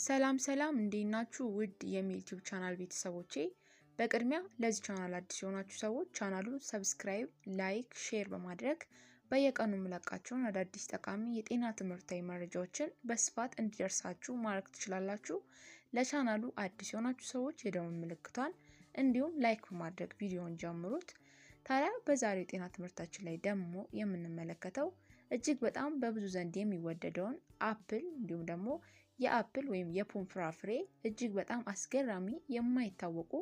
ሰላም ሰላም እንዴት ናችሁ? ውድ የሚል ቻናል ቤተሰቦቼ፣ በቅድሚያ ለዚህ ቻናል አዲስ የሆናችሁ ሰዎች ቻናሉን ሰብስክራይብ፣ ላይክ፣ ሼር በማድረግ በየቀኑ የምለቃቸውን አዳዲስ ጠቃሚ የጤና ትምህርታዊ መረጃዎችን በስፋት እንዲደርሳችሁ ማድረግ ትችላላችሁ። ለቻናሉ አዲስ የሆናችሁ ሰዎች የደውል ምልክቷን እንዲሁም ላይክ በማድረግ ቪዲዮውን ጀምሩት። ታዲያ በዛሬው የጤና ትምህርታችን ላይ ደግሞ የምንመለከተው እጅግ በጣም በብዙ ዘንድ የሚወደደውን አፕል እንዲሁም ደግሞ የአፕል ወይም የፖም ፍራፍሬ እጅግ በጣም አስገራሚ የማይታወቁ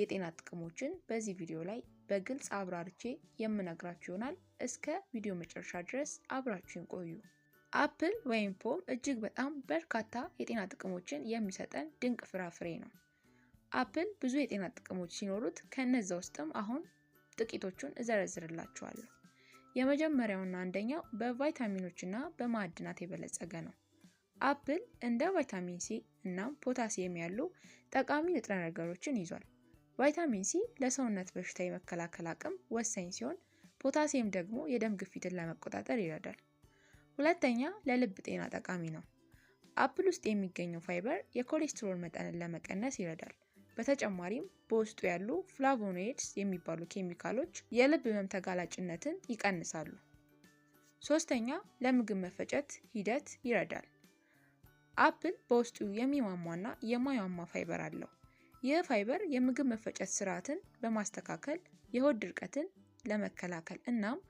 የጤና ጥቅሞችን በዚህ ቪዲዮ ላይ በግልጽ አብራርቼ የምነግራችሁ ይሆናል። እስከ ቪዲዮ መጨረሻ ድረስ አብራችሁን ቆዩ። አፕል ወይም ፖም እጅግ በጣም በርካታ የጤና ጥቅሞችን የሚሰጠን ድንቅ ፍራፍሬ ነው። አፕል ብዙ የጤና ጥቅሞች ሲኖሩት ከነዛ ውስጥም አሁን ጥቂቶቹን እዘረዝርላችኋለሁ። የመጀመሪያውና አንደኛው በቫይታሚኖችና በማዕድናት የበለጸገ ነው። አፕል እንደ ቫይታሚን ሲ እና ፖታሲየም ያሉ ጠቃሚ ንጥረ ነገሮችን ይዟል። ቫይታሚን ሲ ለሰውነት በሽታ የመከላከል አቅም ወሳኝ ሲሆን፣ ፖታሲየም ደግሞ የደም ግፊትን ለመቆጣጠር ይረዳል። ሁለተኛ፣ ለልብ ጤና ጠቃሚ ነው። አፕል ውስጥ የሚገኘው ፋይበር የኮሌስትሮል መጠንን ለመቀነስ ይረዳል። በተጨማሪም በውስጡ ያሉ ፍላቮኖይድስ የሚባሉ ኬሚካሎች የልብ ህመም ተጋላጭነትን ይቀንሳሉ። ሶስተኛ፣ ለምግብ መፈጨት ሂደት ይረዳል። አፕል በውስጡ የሚሟሟና የማያሟ ፋይበር አለው። ይህ ፋይበር የምግብ መፈጨት ስርዓትን በማስተካከል የሆድ ድርቀትን ለመከላከል እናም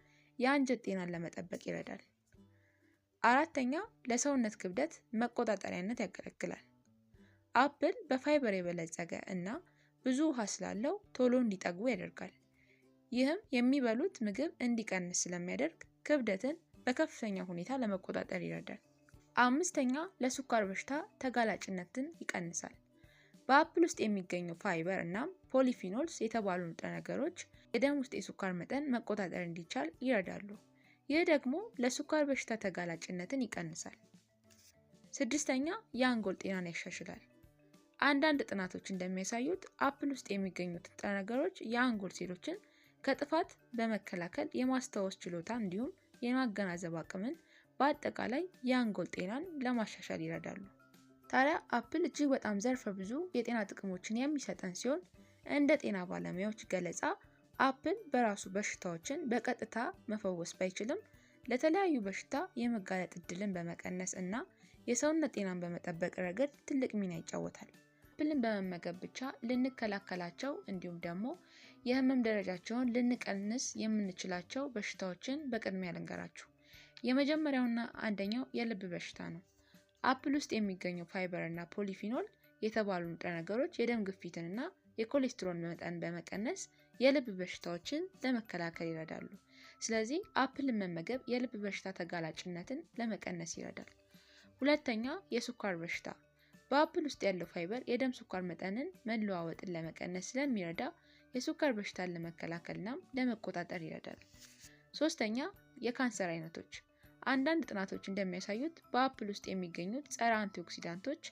የአንጀት ጤናን ለመጠበቅ ይረዳል። አራተኛ፣ ለሰውነት ክብደት መቆጣጠሪያነት ያገለግላል። አፕል በፋይበር የበለጸገ እና ብዙ ውሃ ስላለው ቶሎ እንዲጠግቡ ያደርጋል። ይህም የሚበሉት ምግብ እንዲቀንስ ስለሚያደርግ ክብደትን በከፍተኛ ሁኔታ ለመቆጣጠር ይረዳል። አምስተኛ ለስኳር በሽታ ተጋላጭነትን ይቀንሳል። በአፕል ውስጥ የሚገኙ ፋይበር እና ፖሊፊኖልስ የተባሉ ንጥረ ነገሮች የደም ውስጥ የስኳር መጠን መቆጣጠር እንዲቻል ይረዳሉ። ይህ ደግሞ ለስኳር በሽታ ተጋላጭነትን ይቀንሳል። ስድስተኛ የአንጎል ጤናን ያሻሽላል። አንዳንድ ጥናቶች እንደሚያሳዩት አፕል ውስጥ የሚገኙት ንጥረ ነገሮች የአንጎል ሴሎችን ከጥፋት በመከላከል የማስታወስ ችሎታ እንዲሁም የማገናዘብ አቅምን በአጠቃላይ የአንጎል ጤናን ለማሻሻል ይረዳሉ። ታዲያ አፕል እጅግ በጣም ዘርፈ ብዙ የጤና ጥቅሞችን የሚሰጠን ሲሆን እንደ ጤና ባለሙያዎች ገለጻ አፕል በራሱ በሽታዎችን በቀጥታ መፈወስ ባይችልም ለተለያዩ በሽታ የመጋለጥ እድልን በመቀነስ እና የሰውነት ጤናን በመጠበቅ ረገድ ትልቅ ሚና ይጫወታል። አፕልን በመመገብ ብቻ ልንከላከላቸው እንዲሁም ደግሞ የህመም ደረጃቸውን ልንቀንስ የምንችላቸው በሽታዎችን በቅድሚያ ልንገራችሁ። የመጀመሪያውና አንደኛው የልብ በሽታ ነው። አፕል ውስጥ የሚገኘው ፋይበር እና ፖሊፊኖል የተባሉ ንጥረ ነገሮች የደም ግፊትንና የኮሌስትሮል መጠን በመቀነስ የልብ በሽታዎችን ለመከላከል ይረዳሉ። ስለዚህ አፕልን መመገብ የልብ በሽታ ተጋላጭነትን ለመቀነስ ይረዳል። ሁለተኛ፣ የስኳር በሽታ በአፕል ውስጥ ያለው ፋይበር የደም ስኳር መጠንን መለዋወጥን ለመቀነስ ስለሚረዳ የስኳር በሽታን ለመከላከልናም ለመቆጣጠር ይረዳል። ሶስተኛ፣ የካንሰር አይነቶች አንዳንድ ጥናቶች እንደሚያሳዩት በአፕል ውስጥ የሚገኙት ጸረ አንቲኦክሲዳንቶች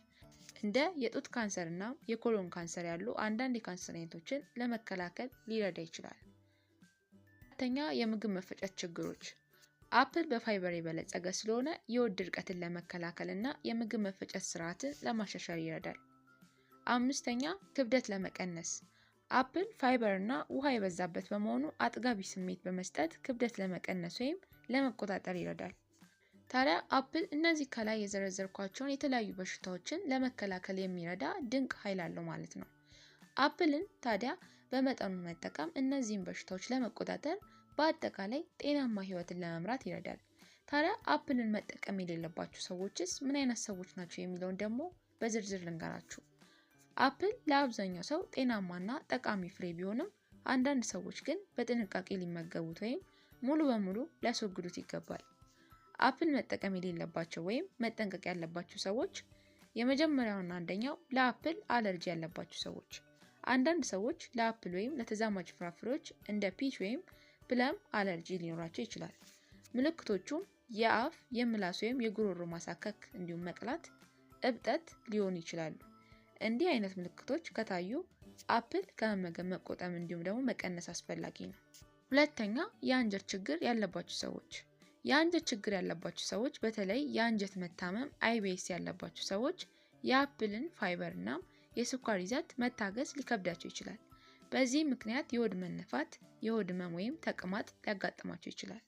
እንደ የጡት ካንሰር እና የኮሎን ካንሰር ያሉ አንዳንድ የካንሰር አይነቶችን ለመከላከል ሊረዳ ይችላል። ተኛ የምግብ መፈጨት ችግሮች። አፕል በፋይበር የበለጸገ ስለሆነ የሆድ ድርቀትን ለመከላከል እና የምግብ መፈጨት ስርዓትን ለማሻሻል ይረዳል። አምስተኛ ክብደት ለመቀነስ አፕል ፋይበር እና ውሃ የበዛበት በመሆኑ አጥጋቢ ስሜት በመስጠት ክብደት ለመቀነስ ወይም ለመቆጣጠር ይረዳል። ታዲያ አፕል እነዚህ ከላይ የዘረዘርኳቸውን የተለያዩ በሽታዎችን ለመከላከል የሚረዳ ድንቅ ኃይል አለው ማለት ነው። አፕልን ታዲያ በመጠኑ መጠቀም እነዚህን በሽታዎች ለመቆጣጠር በአጠቃላይ ጤናማ ህይወትን ለመምራት ይረዳል። ታዲያ አፕልን መጠቀም የሌለባቸው ሰዎችስ ምን አይነት ሰዎች ናቸው የሚለውን ደግሞ በዝርዝር ልንገራችሁ። አፕል ለአብዛኛው ሰው ጤናማና ጠቃሚ ፍሬ ቢሆንም አንዳንድ ሰዎች ግን በጥንቃቄ ሊመገቡት ወይም ሙሉ በሙሉ ሊያስወግዱት ይገባል። አፕል መጠቀም የሌለባቸው ወይም መጠንቀቅ ያለባቸው ሰዎች የመጀመሪያውና አንደኛው ለአፕል አለርጂ ያለባቸው ሰዎች። አንዳንድ ሰዎች ለአፕል ወይም ለተዛማጅ ፍራፍሬዎች እንደ ፒች ወይም ፕለም አለርጂ ሊኖራቸው ይችላል። ምልክቶቹም የአፍ፣ የምላስ ወይም የጉሮሮ ማሳከክ እንዲሁም መቅላት፣ እብጠት ሊሆኑ ይችላሉ። እንዲህ አይነት ምልክቶች ከታዩ አፕል ከመመገብ መቆጠም እንዲሁም ደግሞ መቀነስ አስፈላጊ ነው። ሁለተኛ የአንጀት ችግር ያለባቸው ሰዎች የአንጀት ችግር ያለባቸው ሰዎች በተለይ የአንጀት መታመም አይቢኤስ ያለባቸው ሰዎች የአፕልን ፋይበር እና የስኳር ይዘት መታገስ ሊከብዳቸው ይችላል። በዚህ ምክንያት የሆድ መነፋት፣ የሆድ ህመም ወይም ተቅማጥ ሊያጋጥማቸው ይችላል።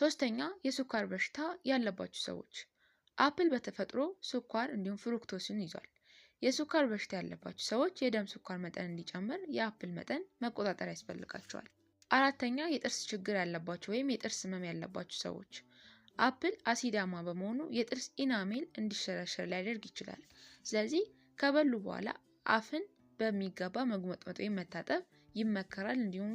ሶስተኛ የስኳር በሽታ ያለባቸው ሰዎች አፕል በተፈጥሮ ስኳር እንዲሁም ፍሩክቶስን ይዟል። የስኳር በሽታ ያለባቸው ሰዎች የደም ስኳር መጠን እንዲጨምር የአፕል መጠን መቆጣጠር ያስፈልጋቸዋል። አራተኛ የጥርስ ችግር ያለባቸው ወይም የጥርስ ህመም ያለባቸው ሰዎች አፕል አሲዳማ በመሆኑ የጥርስ ኢናሜል እንዲሸረሸር ሊያደርግ ይችላል። ስለዚህ ከበሉ በኋላ አፍን በሚገባ መጉመጥመጥ ወይም መታጠብ ይመከራል። እንዲሁም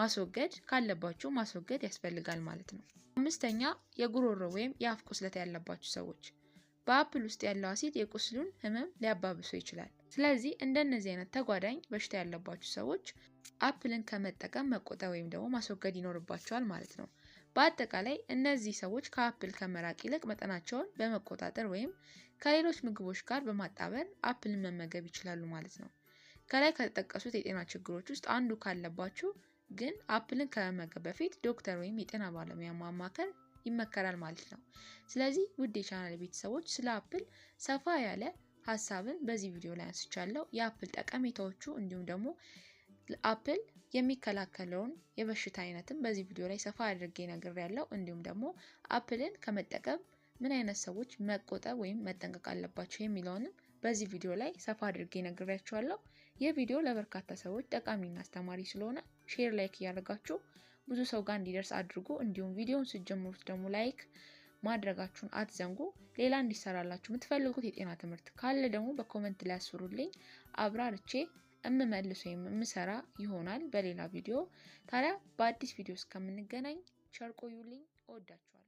ማስወገድ ካለባቸው ማስወገድ ያስፈልጋል ማለት ነው። አምስተኛ የጉሮሮ ወይም የአፍ ቁስለት ያለባቸው ሰዎች በአፕል ውስጥ ያለው አሲድ የቁስሉን ህመም ሊያባብሶ ይችላል። ስለዚህ እንደነዚህ አይነት ተጓዳኝ በሽታ ያለባቸው ሰዎች አፕልን ከመጠቀም መቆጠብ ወይም ደግሞ ማስወገድ ይኖርባቸዋል ማለት ነው። በአጠቃላይ እነዚህ ሰዎች ከአፕል ከመራቅ ይልቅ መጠናቸውን በመቆጣጠር ወይም ከሌሎች ምግቦች ጋር በማጣበር አፕልን መመገብ ይችላሉ ማለት ነው። ከላይ ከተጠቀሱት የጤና ችግሮች ውስጥ አንዱ ካለባችሁ ግን አፕልን ከመመገብ በፊት ዶክተር ወይም የጤና ባለሙያ ማማከር ይመከራል ማለት ነው። ስለዚህ ውድ የቻናል ቤተሰቦች ስለ አፕል ሰፋ ያለ ሀሳብን በዚህ ቪዲዮ ላይ አንስቻለሁ። የአፕል ጠቀሜታዎቹ እንዲሁም ደግሞ አፕል የሚከላከለውን የበሽታ አይነትም በዚህ ቪዲዮ ላይ ሰፋ አድርጌ ያለው እንዲሁም ደግሞ አፕልን ከመጠቀም ምን አይነት ሰዎች መቆጠብ ወይም መጠንቀቅ አለባቸው የሚለውንም በዚህ ቪዲዮ ላይ ሰፋ አድርጌ ነግሬያችኋለሁ። ይህ ቪዲዮ ለበርካታ ሰዎች ጠቃሚና አስተማሪ ስለሆነ ሼር፣ ላይክ እያደረጋችሁ ብዙ ሰው ጋር እንዲደርስ አድርጉ። እንዲሁም ቪዲዮውን ስትጀምሩት ደግሞ ላይክ ማድረጋችሁን አትዘንጉ። ሌላ እንዲሰራላችሁ የምትፈልጉት የጤና ትምህርት ካለ ደግሞ በኮመንት ላይ አስሩልኝ። አብራርቼ እምመልስ ወይም የምሰራ ይሆናል በሌላ ቪዲዮ። ታዲያ በአዲስ ቪዲዮ እስከምንገናኝ ቸር ቆዩልኝ። እወዳችኋለሁ።